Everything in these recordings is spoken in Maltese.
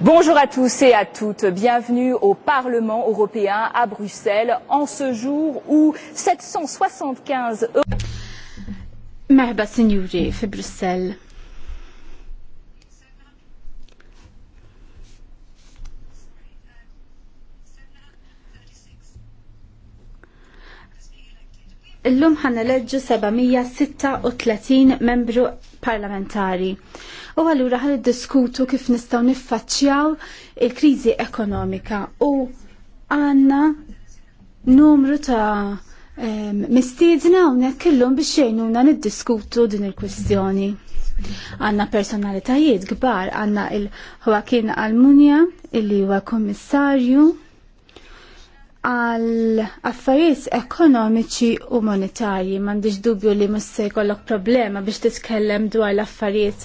Bonjour à tous et à toutes, bienvenue au Parlement européen à Bruxelles en ce jour où 775 Merhaba, Signori fi Bruxelles. Illum ħanna eleġġu 736 membru parlamentari. U għallura ħan diskutu kif nistaw niffaċċjaw il-krizi ekonomika u għanna numru ta' ehm, mistiedna unek kellum biex jgħinuna niddiskutu din il-kwistjoni. Għanna personalitajiet gbar, għanna il-Joaquin Almunia, il-li huwa kommissarju għal affarijiet ekonomiċi u monetarji. M'għandix dubju li mhux se jkollok problema biex titkellem dwar l-affarijiet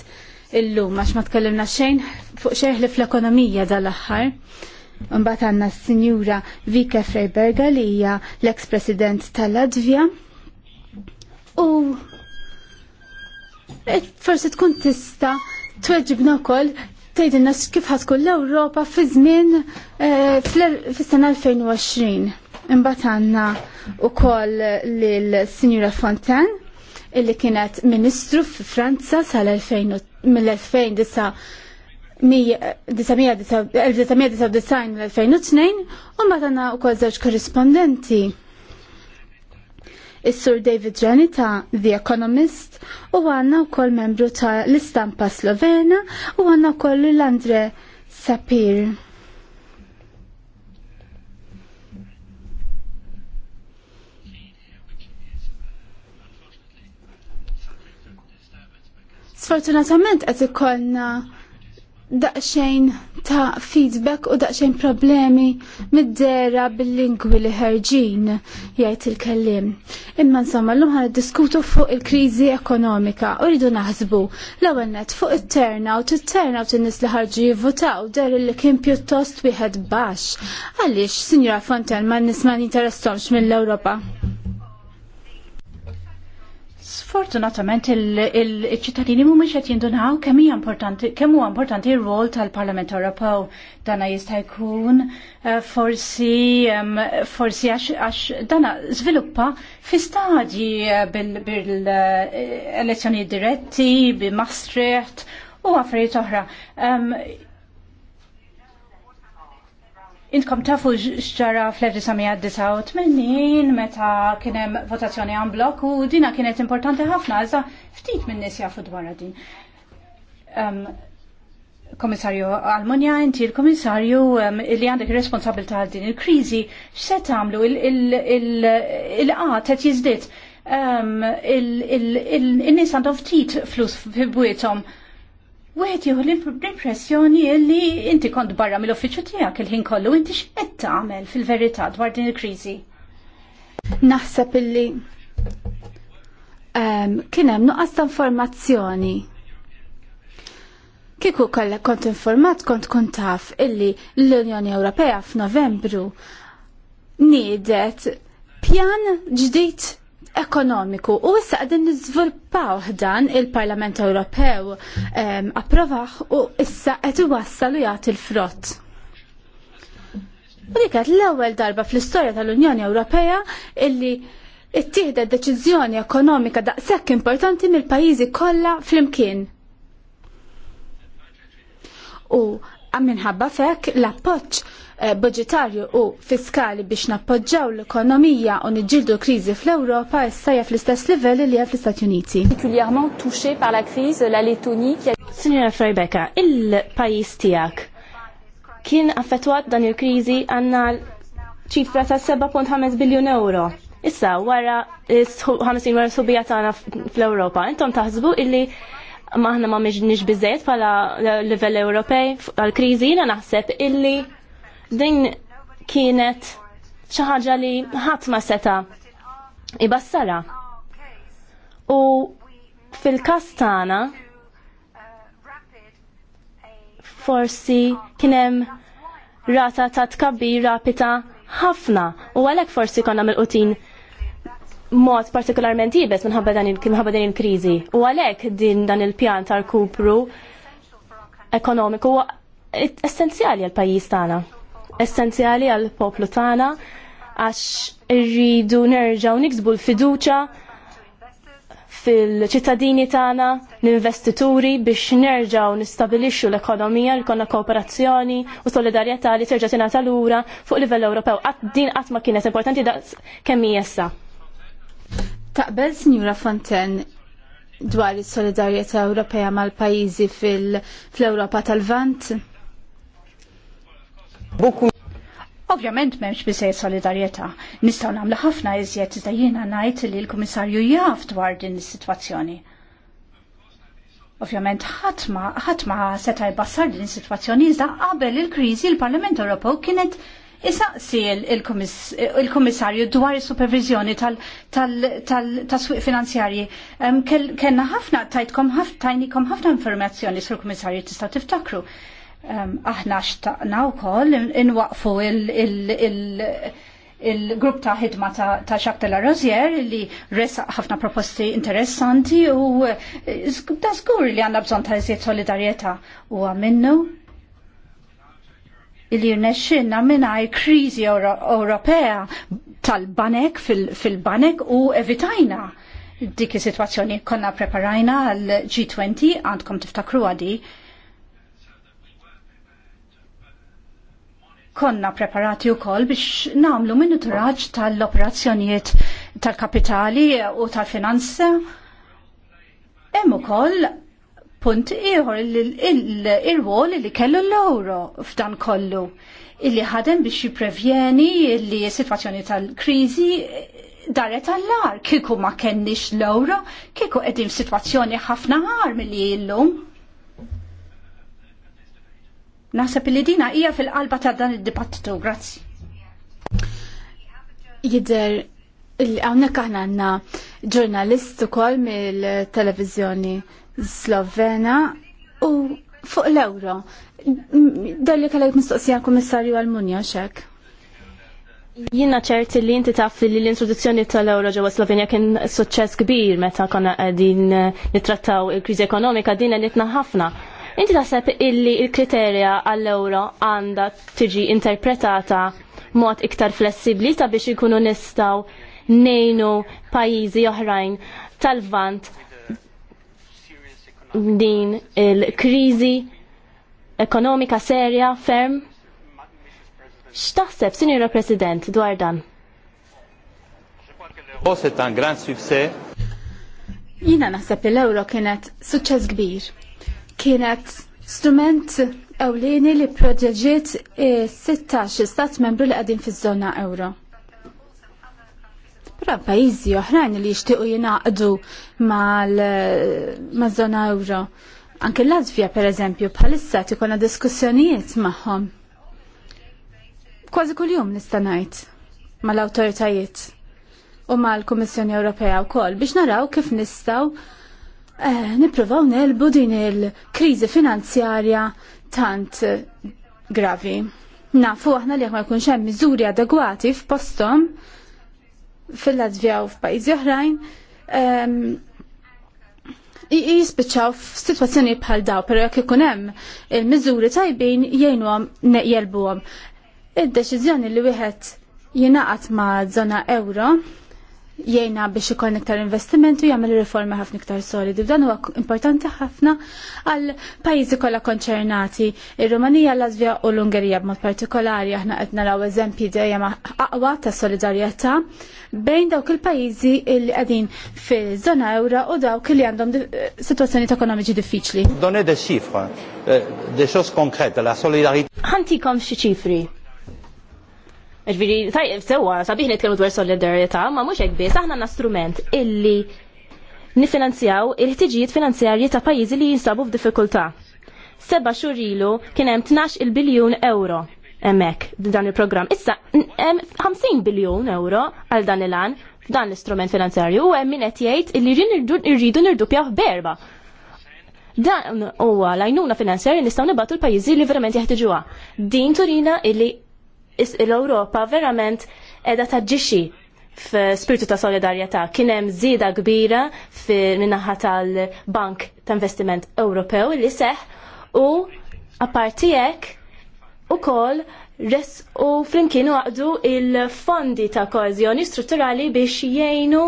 illum għax ma tkellimna xejn fuq xejn fl-ekonomija dal-aħħar. Mbagħad għandna s-Sinjura Vika Freiberga li hija l-ex-President tal ladvja U forsi tkun tista' tweġibna wkoll tgħidilna kif ħatkun l-Ewropa fi żmien eh, fis-sena 2020. Imbagħad għandna wkoll lil Signora Fontaine illi kienet ministru fi Franza sal-2000 mill-2009 1999 l-2002 u matana u kol zewġ korrispondenti Is-Sur David Janita, ta' The Economist u għanna u kol membru ta' l-istampa slovena u għanna u kol l-Andre Sapir. Sfortunatament qed ikollna daqxejn ta' feedback u daqxejn problemi mid-dera bil-lingwi li ħarġin jgħid il-kellim. Imma insomma l-lum ħan diskutu fuq il-krizi ekonomika u rridu naħsbu l-ewwel fuq it-turnout, it-turnout in-nies li ħarġu jivvotaw der li kien pjuttost wieħed baxx. Għaliex, Sinjora Fontel, ma nisman jinteressomx mill-Ewropa. Fortunatament il-ċittadini mhumiex qed jindunaw kemm hija importanti kemm huwa importanti r-rol tal-Parlament Ewropew dana jista' jkun eh, forsi forsi għax dana żviluppa fi stadji eh, bil-elezzjoni eh, diretti bi Maastricht u affarijiet oħra. Intkom tafu xġara fl-1989 meta kienem votazzjoni għan blok u dina kienet importanti ħafna, għazza ftit minn nis jafu dwar din. Um, komissarju Almonja, inti il-komissarju um, li għandek responsabilta għal din il-krizi, x'se tagħmlu il-qat qed jiżdied il-nies għandhom ftit flus fi bwietom Wieħed jieħu l-impressjoni li inti kont barra mill-uffiċċju tiegħek il-ħin kollu inti x'qed tagħmel fil-verità dwar din il-kriżi. Naħseb illi um, kien hemm nuqqas ta' informazzjoni Kiku kollek kont informat kont kont taf illi l-Unjoni Ewropea f'Novembru niedet pjan ġdid ekonomiku u issa qegħdin niżviluppaw dan il-Parlament Ewropew approvaħ u issa qed iwassal u jagħti l-frott. U dik l-ewwel darba fl-istorja tal-Unjoni Ewropea illi ttieħdet deċiżjoni ekonomika daqshekk importanti mill-pajjiżi kollha flimkien. U minħabba fekk l-appoġġ Eh, budgetarju u fiskali biex nappoġġaw l-ekonomija u niġġieldu kriżi fl-Ewropa issa fl-istess livell li hija fl-Istati Uniti. Partikularment touché par la crise la Lettonie Signora Freibeka, il-pajis tiegħek kien affettwat dan il-kriżi għandna ċifra ta' 7.5 biljun euro. Issa, wara 50 wara subija tagħna fl-Ewropa, intom taħsbu illi maħna ma miġniġ bizzejt pala level Ewropej għal-kriżi, naħseb illi Din kienet xi ħaġa li ħadd ma seta ibassara. U fil-kastana forsi kien hemm rata ta' tkabbi rapita ħafna u għalhekk forsi konna mill-qutin mod partikolarment jibes minħabba dan il-krizi. U għalek din dan il-pjan tal-kupru ekonomiku essenzjali għal pajjiż tagħna essenzjali għal poplu tagħna għax irridu nerġgħu niksbu l-fiduċa fil-ċittadini tagħna, l-investituri biex nerġgħu nistabilixxu l-ekonomija li konna kooperazzjoni u solidarjetà li terġa' tingħata lura fuq livell Ewropew. Din qatt ma kienet importanti da kemm jessa. Taqbel Signora Fonten dwar is-solidarjetà Ewropea mal-pajjiżi fil europa tal-Vant? Ovvjament memx bisej solidarieta. Nistaw namlu ħafna iżjed iżda jiena ngħid li l-Kummissarju jaf dwar din is-sitwazzjoni. Ovvjament ħatma ħatma seta' jbassar din is-sitwazzjoni iżda qabel il-kriżi l-Parlament Ewropew kienet isaqsi il-Kummissarju dwar is-supervizjoni tal-taswiq finanzjarji. Kenna ħafna tajtkom tajnikom ħafna informazzjoni sur komissarju tista' tiftakru aħna xtaqna wkoll inwaqfu il-grupp ta' ħidma ta' Jacques de la Rosière li resaq ħafna proposti interessanti u da' eh, żgur li għandna bżonn ta' iżjed solidarjetà u minnu li minna mingħajr kriżi Ewropea tal-banek fil-banek u evitajna dik is-sitwazzjoni konna preparajna għal G20 għandkom tiftakru għadi konna preparati u koll biex namlu minuturaġ tal-operazzjonijiet tal-kapitali u tal-finanza. Hemm ukoll punt ieħor il-rwol li kellu l-euro f'dan kollu illi ħadem biex jipprevjeni li situazzjoni tal-kriżi daret għall-ar kiku ma kenniex l-euro kiku qegħdin f'sitwazzjoni ħafna ħar milli jillum. Naħseb li dina hija fil-qalba ta' dan id-dibattitu, grazzi. Jider, għawnek aħna għanna ġurnalist ukoll mill-televizjoni slovena u fuq l-euro. Dalli kellek mistoqsija komissarju għal-Munja xek. Jina ċerti li inti taf li l-introduzzjoni tal-Euro ġewwa Slovenja kien suċċess kbir meta konna qegħdin nittrattaw il-kriżi ekonomika din qed ħafna Inti taħseb illi il-kriterja għall ewro għandha tiġi interpretata mod iktar flessibli sabiex ikunu nistaw nejnu pajjiżi oħrajn tal-vant din il-kriżi ekonomika serja ferm. X'taħseb, Sinjura President, dwar dan? Jina naħseb l-euro kienet suċċess kbir kienet strument ewlieni li proġeġiet 16 e, stat membru li qegħdin fiż-żona euro. Però pajjiżi oħrajn li jixtiequ jingħaqdu maż-żona euro. Anke l-Latvja pereżempju bħalissa tikolna diskussjonijiet magħhom. Kważi kuljum nista' ngħid mal-awtoritajiet u mal-Kummissjoni Ewropea wkoll biex naraw kif nistgħu Eh, niprovaw nelbu din il-krizi finanzjarja tant gravi. Nafu aħna li ma jkunx hemm miżuri adegwati f'postom fil-Latvja u f'pajjiżi oħrajn ehm, jispiċċaw f'sitwazzjoni bħal daw, pero jekk ikun hemm il-miżuri tajbin jgħinuhom jelbuhom. Id-deċiżjoni li wieħed jingħaqad ma' żona euro jiena biex ikollna iktar investiment u jagħmel riforma ħafna iktar solidi. Dan huwa importanti ħafna għal pajjiżi kollha konċernati. Ir-Rumanija, l-Latvja u l-Ungerija b'mod partikolari aħna qed naraw eżempji dejjem aqwa ta' solidarjetà bejn dawk il-pajjiżi li qegħdin fiż-żona ewra u dawk li għandhom sitwazzjonijiet ekonomiċi diffiċli. Donne de xifra, euh, de xos konkreta, la solidarità. Ħantikom xi ċifri Ġviri, tajjeb, sewa, sabiħ nitkellmu dwar solidarieta, ma mhux hekk biss aħna strument illi nifinanzjaw il-ħtiġijiet finanzjarji ta' pajjiżi li jinsabu f'diffikultà. Seba xhur ilu kien hemm 12 il biljun euro hemmhekk dan il-programm. Issa hemm 50 biljun euro għal dan il-an dan l-istrument finanzjarju u hemm min qed jgħid illi rridu nirdupjaw berba. Dan huwa l-għajnuna finanzjarja nistgħu nibatu l-pajjiżi li verament jeħtiġuha. Din turina illi l-Ewropa verament edha taġġixxi spiritu ta' solidarjetà. Kien hemm kbira min-naħa tal-Bank ta' Investiment Ewropew li seħ u apparti hekk ukoll res u flimkien għaqdu il-fondi ta' koezjoni strutturali biex jgħinu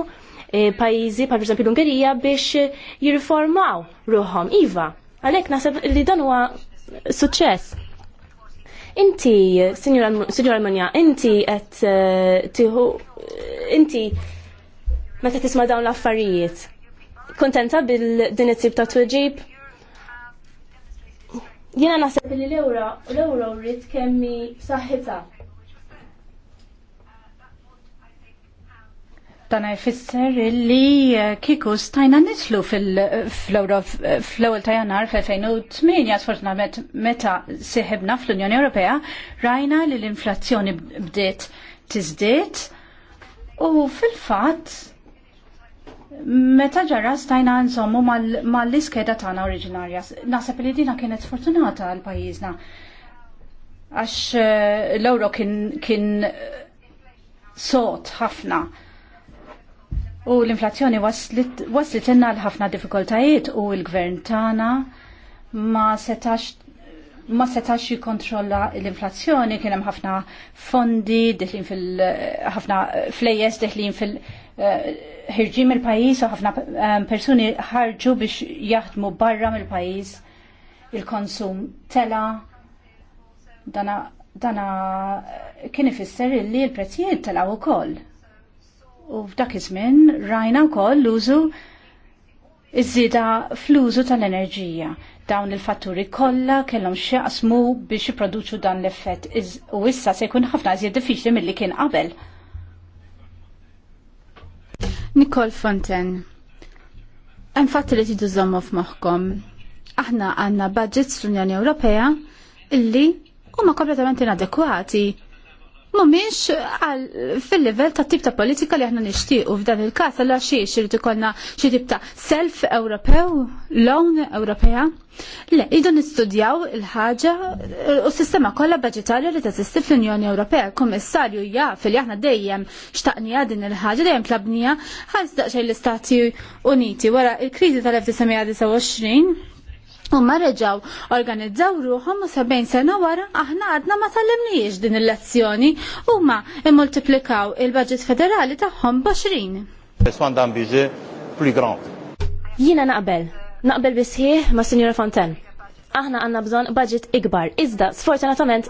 e, pajjiżi par per l-Ungerija biex jirriformaw ruħom. Iva, għalhekk nasab li dan huwa suċċess. Inti, Signora Almanja, inti qed eh, tiħu, inti meta tisma' dawn l-affarijiet. Kontenta bil-din it-tip ta' tweġib? Jiena naħseb li l-ewra l-ewra rrid kemmi saħħita. Dan jfisser li eh, kiku stajna nislu fl-ewwel ta' jannar fl-2008 sfortunatament meta siħibna fl-Unjoni Ewropea rajna li l-inflazzjoni bdiet tizdiet u fil-fatt Meta ġara stajna nżommu mal-iskeda tana tagħna oriġinarja, naħseb li dina kienet fortunata għal pajjiżna. Għax eh, l-euro kien sot ħafna U l-inflazzjoni waslit inna l-ħafna difficultajiet u l-gvern tagħna ma setax ma setax jikontrolla l-inflazzjoni, kien hemm ħafna fondi, deħlin fil ħafna flejjes deħlin fil eh, ħirġim mill pajjiż u ħafna eh, persuni ħarġu biex jaħdmu barra mill pajjiż il-konsum tela dana, dana kien ifisser li l-prezzijiet u koll. U f'dak iż-żmien rajna wkoll l-użu iż-żieda fl-użu tal-enerġija. Dawn il-fatturi kollha kellhom x'jaqsmu biex jipproduċu dan l-effett u issa se jkun ħafna iżjed diffiċli milli kien qabel. Nicole Fonten, hemm fatti li tidu żommu f'moħħkom. Aħna għandna budgets fl-Unjoni Ewropea illi huma kompletament inadekwati mhumiex fil-livell ta' tip ta' politika li aħna nixtiequ f'dan il-każ għal xiex irid ikollna xi tip ta' self Ewropew, lawn Ewropea. Le, idu nistudjaw il-ħaġa eh, u s-sistema kollha budgetarja li sisti fl-Unjoni Ewropea. kommissarju jaf li aħna dejjem xtaqnija din il-ħaġa dejjem tlabnija ħaż daqsxejn l-Istati Uniti wara l kriżi tal-1929 Umma reġaw organizzaw ruħom u sabajn sena wara aħna għadna ma sallimniex din il-lezzjoni huma immultiplikaw il-budget federali tagħhom grand. Jiena naqbel, naqbel bisħieħ ma' Sinjora Fonten. Aħna għandna bżonn budget ikbar, iżda sfortunatament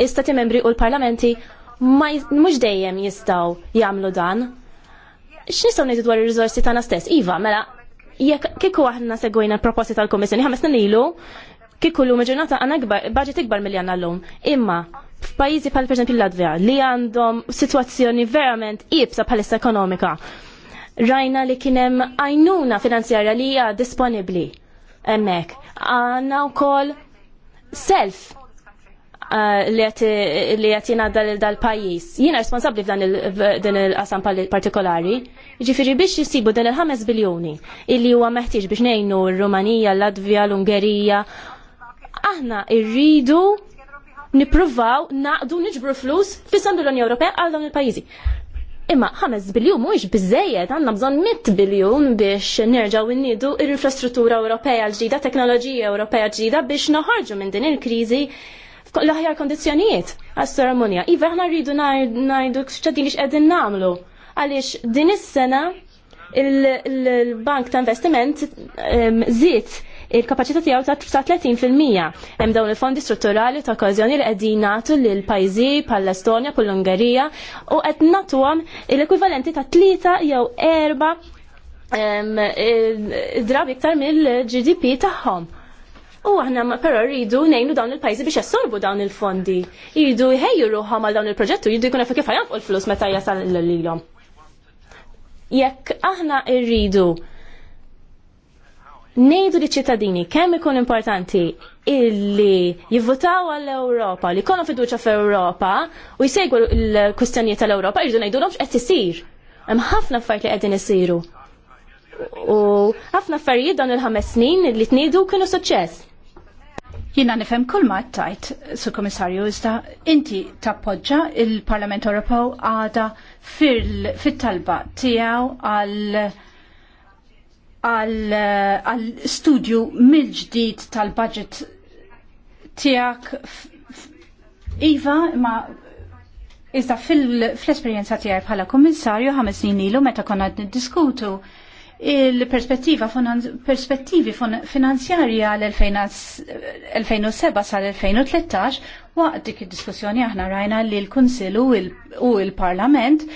istati membri u l-parlamenti mhux dejjem jistgħu jagħmlu dan. X'nistgħu ngħidu dwar ir-riżorsi tagħna stess? Iva, mela jekk kieku aħna segwejna proposti tal-Komissjoni ħames n'ilu, kieku l-lum ġurnata għana gbar, budget ikbar mill għanna l-lum. Imma, f'pajizi pal perżempju l-Latvija, li għandhom situazzjoni verament ibsa palissa ekonomika, rajna li kienem għajnuna finanzjarja li hija disponibli. Emmek, għanna u kol self Eh, li qed jingħadda lil dal-pajjiż. Jiena responsabbli f'dan il-qasam partikolari. Ġifiri biex jisibu dan il-5 biljuni illi huwa meħtieġ biex ngħinu r-Rumanija, l-Latvja, l-Ungerija. Aħna rridu nippruvaw naqdu niġbru flus fis-San l-Unja Ewropea għal dawn il-pajjiżi. Imma 5 biljun mhuwiex biżejjed, għandna bżonn 100 biljon biex nerġgħu nniedu l-infrastruttura Ewropea l-ġdida, teknoloġija Ewropea ġdida biex noħorġu minn din il-kriżi l-aħjar kondizjonijiet għas-seremonja. Iva ħna rridu najdu xċadin għedin namlu. Għaliex din is-sena il-Bank ta' Investiment ehm, żied il-kapacità tiegħu ta' 30%. Hemm dawn il-fondi strutturali ta' okkażjoni li qegħdin nagħtu lil pajjiżi bħal Estonja, bħal Ungerija u qed nagħtuhom l-ekwivalenti ta' tlieta jew erba' ehm, eh, drabi iktar mill-GDP tagħhom. U aħna però rridu ngħinu dawn il-pajjiżi biex jassorbu dawn il-fondi. Jridu jħejju ruħhom għal dawn il proġettu u jridu jkun kif ħajanfqu l-flus meta jasal lilhom. Jekk aħna rridu nejdu li ċittadini kemm ikun importanti illi jivvotaw għall-Ewropa, li jkollhom fiduċja f'Ewropa u jsegwu l-kustjonijiet tal-Ewropa, jridu ngħidulhom x'qed isir. Hemm ħafna affarijiet li qegħdin isiru. U ħafna affarijiet dawn il-ħames snin li tniedu kienu suċċess. Jina nifem kull ma tajt, su komissarju, iżda inti tappoġġa il-Parlament Ewropew għada fil-talba tijaw għal għal studju mill-ġdid tal-budget tijak Iva, ma iżda fil-esperienza tijaj bħala komissarju ħames snin ilu meta konna diskutu il-perspettiva perspettivi finanzjari għal 2007 sal-2013 waqt dik id-diskussjoni aħna rajna li l-Kunsill u l-Parlament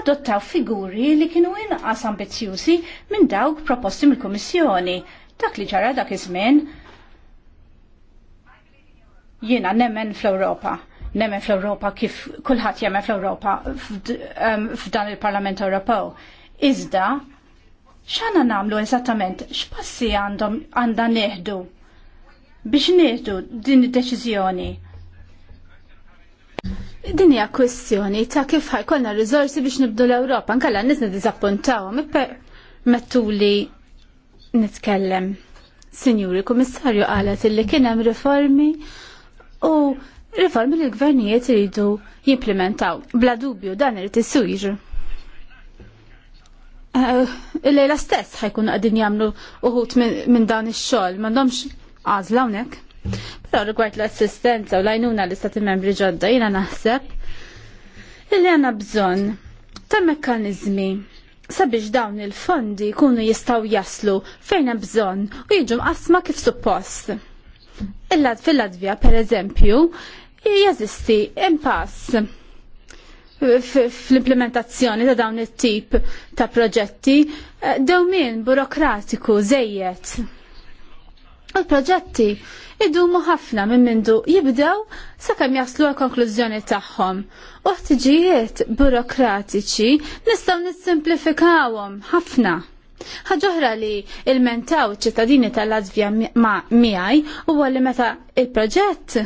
adottaw figuri li kienu inqas ambizjużi minn dawk proposti mill-Kummissjoni. Dak li ġara dak iż-żmien jiena nemmen fl-Ewropa. Nemmen fl-Ewropa kif kulħadd jemmen fl-Ewropa f'dan il-Parlament Ewropew. Iżda xana namlu eżattament, x'passi għandhom għandha neħdu biex neħdu din id-deċiżjoni? Din hija kwestjoni ta' kif ħajkolna riżorsi biex nibdu l-Ewropa, nkella nies niddiżappuntaw mettuli nitkellem. Sinjuri Kummissarju qalet illi kien hemm riformi u riformi li l-gvernijiet iridu jimplementaw. Bla dubju dan irid isir Eh, il-lejla stess ħajkun għadin jamlu uħut minn dan ix-xogħol, m'għandhomx għażla hawnhekk. Però rigward l-assistenza u l-għajnuna li stati membri ġodda jina naħseb illi għandna bżonn ta' mekkaniżmi sabiex dawn il-fondi jkunu jistgħu jaslu fejn hemm bżonn u jiġu asma kif suppost. Illa fil-Latvja, per eżempju, jeżisti impass fl-implementazzjoni ta' dawn it-tip ta' proġetti eh, dewmien burokratiku żejjed. il proġetti idumu ħafna minn mindu jibdew sakemm jaslu għal konklużjoni tagħhom. U ħtiġijiet burokratiċi nistgħu nissimplifikawhom ħafna. Ħaġoħra li il-mentaw ċittadini tal-Latvja miegħi huwa li meta il-proġett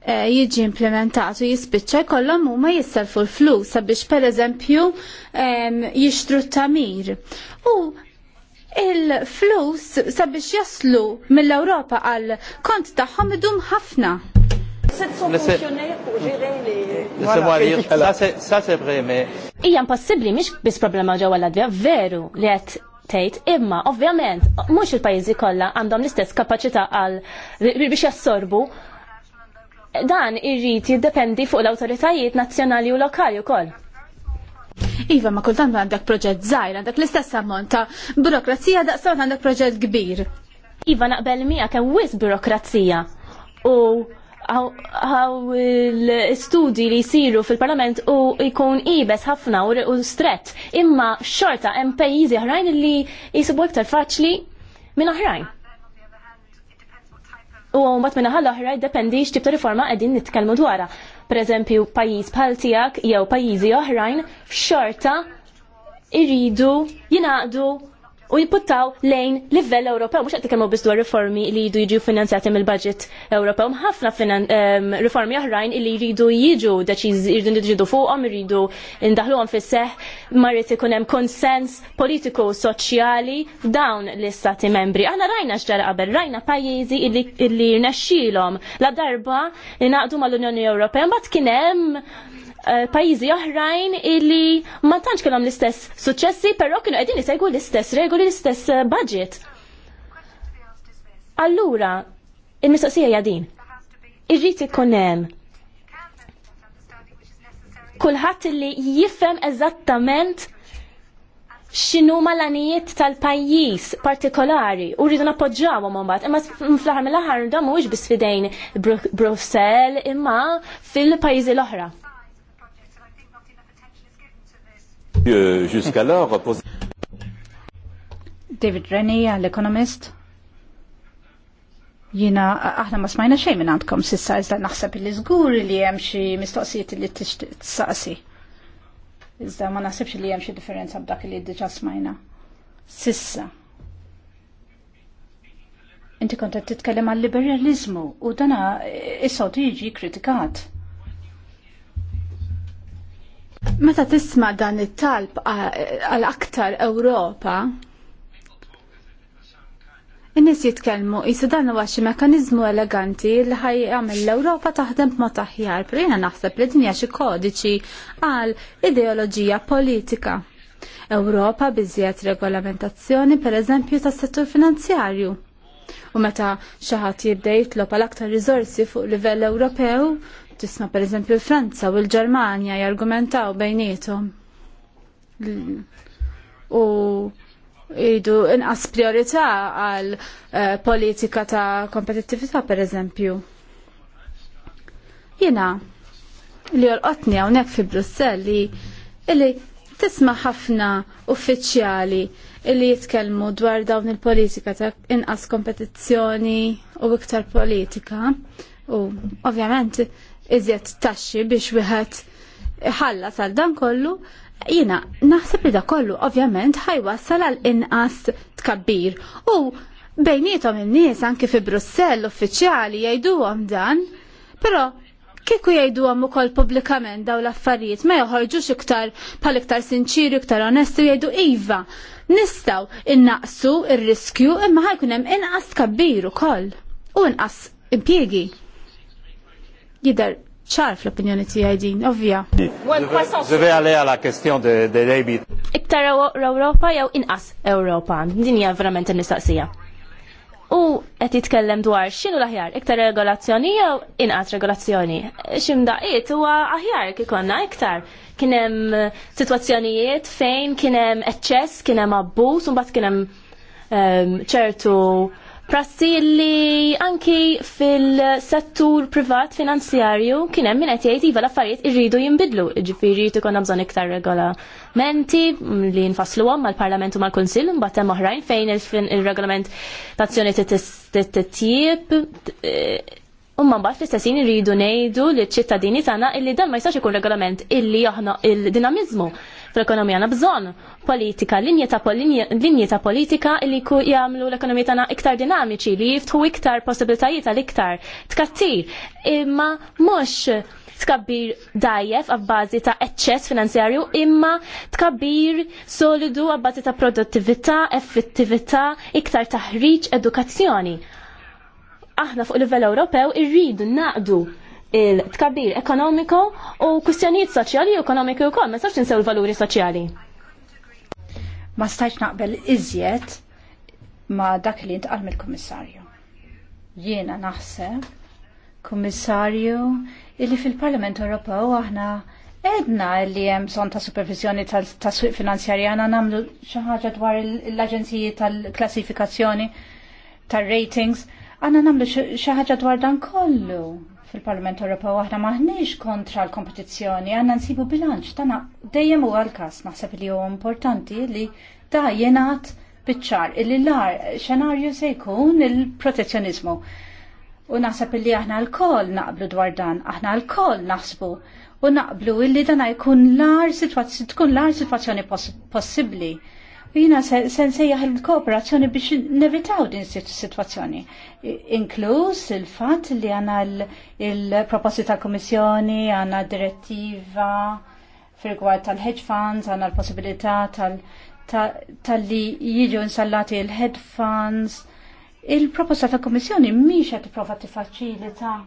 Eh, jiġi implementatu jispiċċa kollhom huma jissalfu l-flus sabiex pereżempju jixtru t-tamir. U il-flus sabiex jaslu mill-Ewropa għal kont tagħhom idum ħafna. 700 fonctionnaires pour Ija bis problema ġewwa l-Latvija, veru li għet tgħid imma ovvjament mhux il-pajjiżi kollha għandhom l-istess kapaċità għal biex jassorbu dan irrid jiddependi fuq l-awtoritajiet nazzjonali u lokali wkoll. Iva, ma kultant għandek proġett zaħir, għandek l-istess ammont ta' burokrazija daqsam għandek proġett kbir. Iva, naqbel mija kem wis burokrazija u għaw l-studi li jisiru fil-parlament u jkun ibes ħafna u stret imma xorta hemm pajjiżi oħrajn li jisibu iktar faċli minn oħrajn. U bat minna ħalla oħra jiddependi x'tib ta' riforma qegħdin nitkellmu dwarha. Pereżempju pajjiż bħal tiegħek jew pajjiżi oħrajn xorta iridu jinaqdu u jiputtaw lejn livell Ewropew, mhux qed tkellmu biss dwar riformi li jidu jiġu finanzjati mill-budget Ewropew, ħafna ehm, riformi oħrajn li jridu jiġu deċiż jridu jiġu fuqhom, jridu ndaħluhom fis fisseħ, marrid ikun hemm konsens politiku soċjali f'dawn l-istati membri. Aħna rajna x'ġara qabel, rajna pajjiżi li rnexxielhom la darba inaqdu mal-Unjoni Ewropew, mbagħad kien hemm Eh, pajjiżi oħrajn illi ma tantx kellhom l-istess suċċessi, però kienu qegħdin isegwu l-istess regoli, l-istess eh, budget. Allura, il-mistoqsija hija din. Irrid ikun hemm kulħadd li jifhem eżattament xinu malanijiet tal-pajjiż partikolari u rridu nappoġġawhom mbagħad. Imma fl-aħħar mill-aħħar dam mhuwiex biss fidejn Brussell imma fil-pajjiżi l-oħra. Euh, jusqu'alors David Rennie, l-ekonomist. Jina, aħna ma smajna xejn minn għandkom sissa iżda naħseb li żgur li hemm xi mistoqsijiet li t-saqsi. Iżda ma naħsibx li hemm xi differenza b'dak li diġà smajna. Sissa. Inti kont qed titkellem għal liberalizmu u dana eh, is-sod jiġi kritikat. Meta tisma dan it-talb għal aktar Ewropa, in-nies jitkellmu jisu dan huwa xi mekkaniżmu eleganti li ħaj jagħmel l-Ewropa taħdem b'mod aħjar, però jiena naħseb li dinja xi kodiċi għal ideoloġija politika. Ewropa biżjed regolamentazzjoni pereżempju tas-settur finanzjarju. U meta xi ħadd jibda jitlob għal aktar riżorsi fuq livell Ewropew, tisma per eżempju Franza u l-Ġermanja jargumentaw bejnietom. U jridu inqas priorità għal eh, politika ta' kompetittività per eżempju. Jena, li jolqotni hawnhekk fi Brussell li illi tisma' ħafna uffiċjali illi jitkellmu dwar dawn il-politika ta' inqas kompetizzjoni u iktar politika. U ovvjament iżjed taxxi biex wieħed ħalla sal dan kollu, jina naħseb li da kollu ovvjament ħajwassal għal inqas tkabbir. U bejnietom in-nies anke fi Brussell uffiċjali jgħiduhom dan, però kieku jgħidu għam ukoll publikament daw l-affarijiet, ma joħorġux iktar pal iktar sinċiri, iktar onesti, jgħidu iva, nistaw innaqsu ir-riskju imma ħajkun hemm inqas kabbir ukoll u inqas impjiegi. Jider ċar fl-opinjoni tiegħi din, ovvja. Ġivi għalija de debit. Iktar Ewropa jew inqas Ewropa, din hija verament il-nistaqsija. U qed jitkellem dwar x'inhu l-aħjar, iktar regolazzjoni jew inqas regolazzjoni. X'imdaqiet huwa aħjar kikonna iktar. Kien hemm sitwazzjonijiet fejn kien hemm eċċess, kien hemm abbuż, u mbagħad kien hemm ehm, ċertu Prassi li anki fil-settur privat finanzjarju kien hemm min qed jgħid iva l-affarijiet irridu jinbidlu, ġifieri jrid ikun bżonn iktar regolamenti li nfasluhom mal-Parlament u mal-Kunsill imbagħad hemm oħrajn fejn il-regolament tazzjoni titjieb eh, U man bat fl-istessin irridu nejdu li ċittadini tana illi dan ma jistax ikun regolament illi jaħna il-dinamizmu fl-ekonomija. Na bżon politika, linji ta', linji ta politika li ku jagħmlu l-ekonomija tagħna iktar dinamiċi, li jiftħu iktar possibilitajiet għal iktar tkattir. Imma mhux tkabbir dajjef bazi ta' eċċess finanzjarju imma tkabbir solidu bazi ta' produttività, effettività, iktar taħriġ, edukazzjoni. Aħna fuq livell Ewropew irridu naqdu il-tkabbir ekonomiku u kwistjonijiet soċjali u ekonomiku wkoll ma sarx tinsew il-valuri soċjali. Ma stajx naqbel iżjed ma dak li intqal mill-Kummissarju. Jiena naħseb Kummissarju illi fil-Parlament Ewropew aħna Edna li hemm son ta' supervizjoni tas-suq finanzjarji għana nagħmlu xi ħaġa dwar l-aġenziji tal-klassifikazzjoni tar-ratings, għana nagħmlu xi ħaġa dwar dan kollu fil-Parlament Ewropew aħna maħniex kontra l-kompetizzjoni, għandna nsibu bilanċ tana dejjem u l-każ naħseb li huwa importanti li da jenat biċ-ċar illi l-ar xenarju se jkun il-protezzjonizmu. U naħseb li aħna l-koll naqblu dwar dan, aħna l-koll naħsbu u naqblu illi dana jkun l-ar situazzjoni possibbli. Jina sen sejjaħ il-kooperazzjoni biex nevitaw din situazzjoni. Inkluż il-fat li għana il-proposti tal-Komissjoni, għana direttiva fil tal-hedge funds, għana l-possibilità tal-li jiġu installati il-hedge funds. Il-proposta tal-Komissjoni miex għet profa prova t-facilita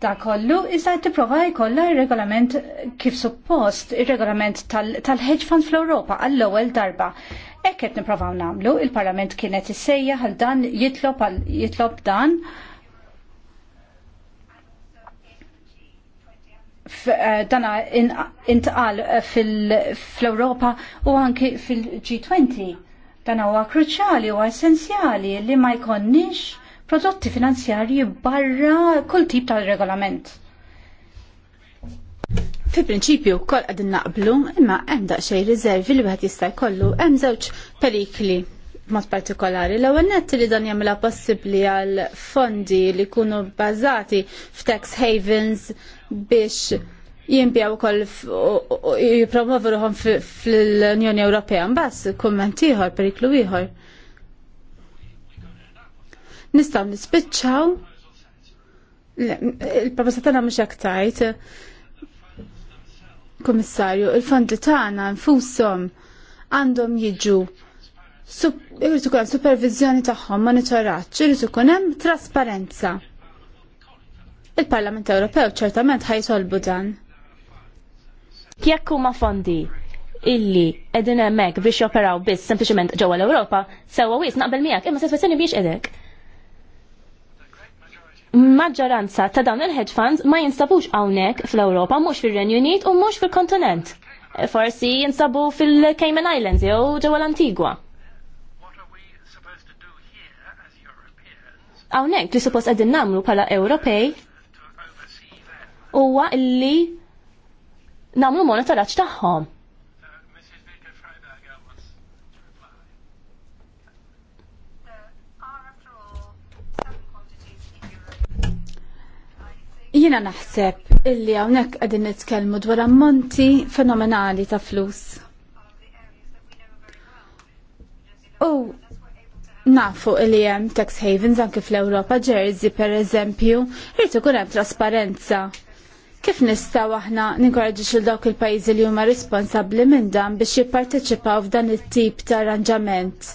Da kollu, issa t-prova jkolla il-regolament kif suppost, il-regolament tal-hedge fund fl-Europa għall-ewel darba. Ekket niprofaw namlu, il-parlament kienet issejja għal dan jitlob, dan eh, dana intqal fil-Europa u anki fil-G20. Dan huwa kruċjali u essenzjali li ma jkonniex prodotti finanzjarji barra kull tip ta' regolament. Fi prinċipju kol għadin naqblu imma hemm daqsxejn riservi li wieħed jista' jkollu hemm żewġ perikli mod partikolari. L-ewwel nett li dan jagħmilha possibbli għal fondi li jkunu bbażati f'tax havens biex jimpjaw ukoll jipromovu fl-Unjoni Ewropea. Mbass kumment ieħor, periklu ieħor nistaw nispiċċaw il-proposta tagħna mhux hekk tajt. Komissarju, il-fondi tagħna nfushom għandhom jiġu irrid ikun hemm supervizjoni tagħhom, monitoraġġ, irid ikun hemm trasparenza. Il-Parlament Ewropew ċertament ħajtolbu dan. Jekk huma fondi illi qegħdin hemmhekk biex joperaw biss sempliċement ġewwa l-Ewropa, sewwa wis naqbel miegħek imma sitwazzjoni biex edek maġġoranza ta' dawn il-hedge funds ma jinstabux hawnhekk fl-Ewropa, mhux fir-Renju Unit u mhux fil-kontinent. E forsi jinsabu fil-Cayman Islands jew ġewwa l antigua Hawnhekk li suppost qegħdin nagħmlu bħala Ewropej huwa illi nagħmlu monitoraġġ tagħhom. Jiena naħseb illi hawnhekk qegħdin nitkellmu dwar ammonti fenomenali ta' flus. U nafu illi hemm tax havens anke fl-Ewropa Jersey pereżempju, irid ikun hemm trasparenza. Kif nistgħu aħna ninkoraġġu xil dawk il-pajjiżi li huma responsabbli minn dan biex jipparteċipaw f'dan it-tip ta' arranġament,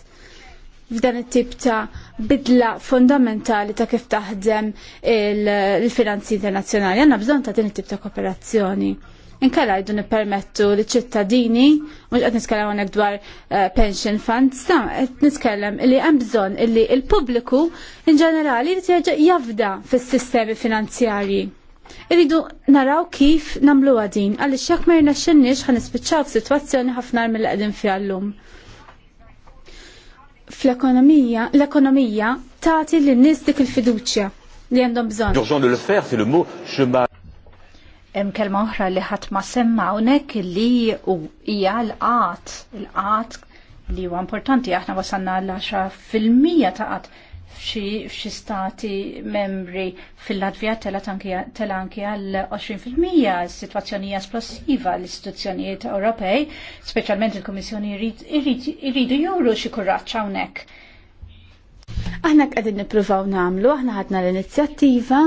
f'dan it-tip ta' bidla fundamentali ta' kif taħdem il-finanzi internazzjonali. Għanna bżon ta' din it-tip ta' kooperazzjoni. Inkella jiddu nippermettu li ċittadini, mux għed niskellem għonek dwar eh, pension funds, ta' għed niskellem li għem bżon li il-publiku in ġenerali li t jafda fis-sistemi finanzjarji. Iridu naraw kif namlu għadin, għalli xek ma jirna għan ispiċċaw situazzjoni ħafna mill għedin fi għallum fl-ekonomija, l-ekonomija tagħti lin nies dik il-fiduċja li għandhom bżonn. L'urgent de le faire, c'est le mot chemin. Hemm kelma oħra li ħadd ma semma hawnhekk li hija l-qat, l-qat li huwa importanti aħna wasanna l-10 fil-mija ta' qatt f'xi stati membri fil-Latvija tela anki għal 20% s situazzjoni esplosiva l-istituzzjonijiet Ewropej, speċjalment il-Kummissjoni jridu juru xi kuraġġ hawnhekk. Aħna qegħdin nippruvaw nagħmlu, aħna ħadna l-inizjattiva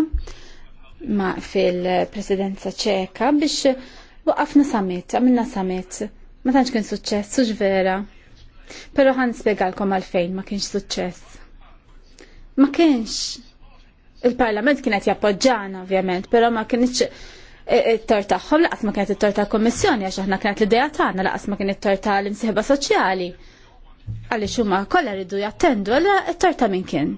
ma fil-Presidenza Ċeka biex waqafna summit, għamilna summit. Ma tantx kien suċċess, suġ vera. Pero ħan spiegalkom għalfejn ma kienx suċċess ma kienx il-parlament kienet jappoġġana ovvjament, pero ma kienx it-tor e, e, tagħhom laqas ma kienet it-tor tal-Kommissjoni għax aħna kienet l-idea tagħna laqas ma kien it-tor l imsieħba soċjali. Għaliex huma kollha ridu jattendu għal it-tor ta' min kien.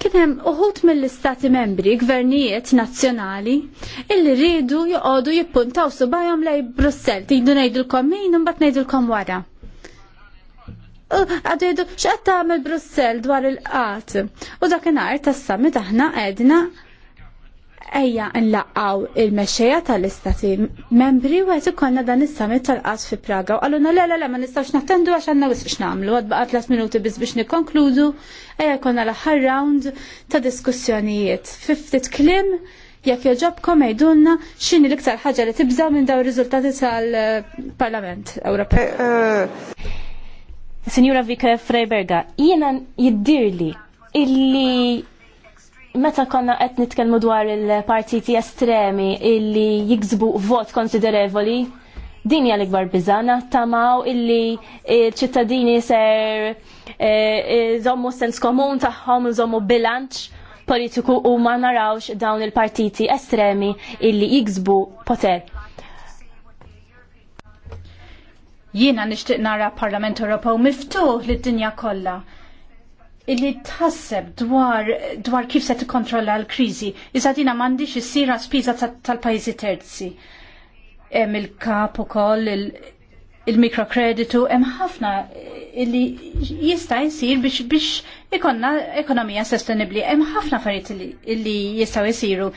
Kien hemm uħud mill-istati membri, gvernijiet nazzjonali, illi rridu joqogħdu jippuntaw subajhom lej Brussell, tgħidu ngħidulkom min u mbagħad ngħidulkom wara għadu xaqt tagħmel Brussell dwar il-qat. U dakinhar tas-summit aħna qegħdna ejja nlaqgħu il-mexxejja tal-istati membri u għet ikollna dan is-summit tal-qas fi Praga u għalluna le le le ma nistgħux nattendu għax għandna wisq x'nagħmlu għad baqa' 3 minuti biz biex nikkonkludu ejja konna l-aħħar round ta' diskussjonijiet. Fiftit klim jekk joġobkom għajdunna xini l-iktar ħaġa li tibżaw minn daw riżultati tal-Parlament Ewropew. Eh, eh. Sinjura Vika Freiberga, jiena jiddirli illi meta konna qed nitkellmu dwar il-partiti estremi illi jiksbu vot konsiderevoli, din hija l-ikbar biżana tamaw illi ċittadini ser eh, żommu sens komun tagħhom żommu bilanċ politiku u ma narawx dawn il-partiti estremi illi jiksbu poter. Jiena nixtieq nara Parlament Ewropew miftuħ lid-dinja kollha illi tħasseb dwar, dwar kif se tikkontrolla l-kriżi. Iżda dina m'għandix issira spiża tal-pajjiżi terzi. Hemm il-kap ukoll il-mikrokreditu, hemm ħafna illi jista' jsir biex biex ikonna ekonomija sostenibbli. Hemm ħafna affarijiet illi jistgħu jsiru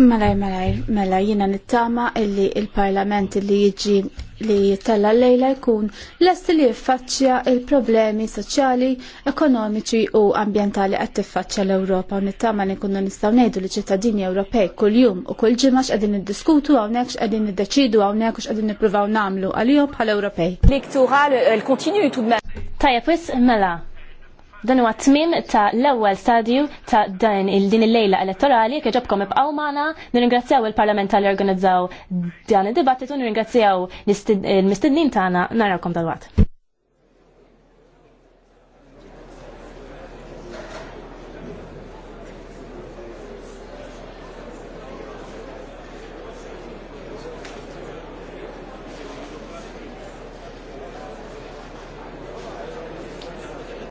Malaj, malaj, mela jina nittama illi il-parlament illi jiġi li jittella lejla jkun lest li jiffaċċja il-problemi soċjali, ekonomiċi u ambientali għat tiffaċċja l-Ewropa u nittama li kunna nistaw nejdu li ċittadini Ewropej kull jum u kull ġimma x'qegħdin deċidu hawnhekk nekx niddeċidu hawnhekk x'qegħdin nippruvaw nagħmlu għalihom bħal Ewropej. Lektura l-kontinu Tajja, wis mela, Dan huwa tmim ta' l-ewwel stadju ta' dan il-din il-lejla elettorali kif ġobkom ibqgħu magħna, nirringrazzjaw il-Parlament li organizzaw dan id-dibattitu, nirringrazzjaw l-mistednin tagħna narawkom dalwaqt.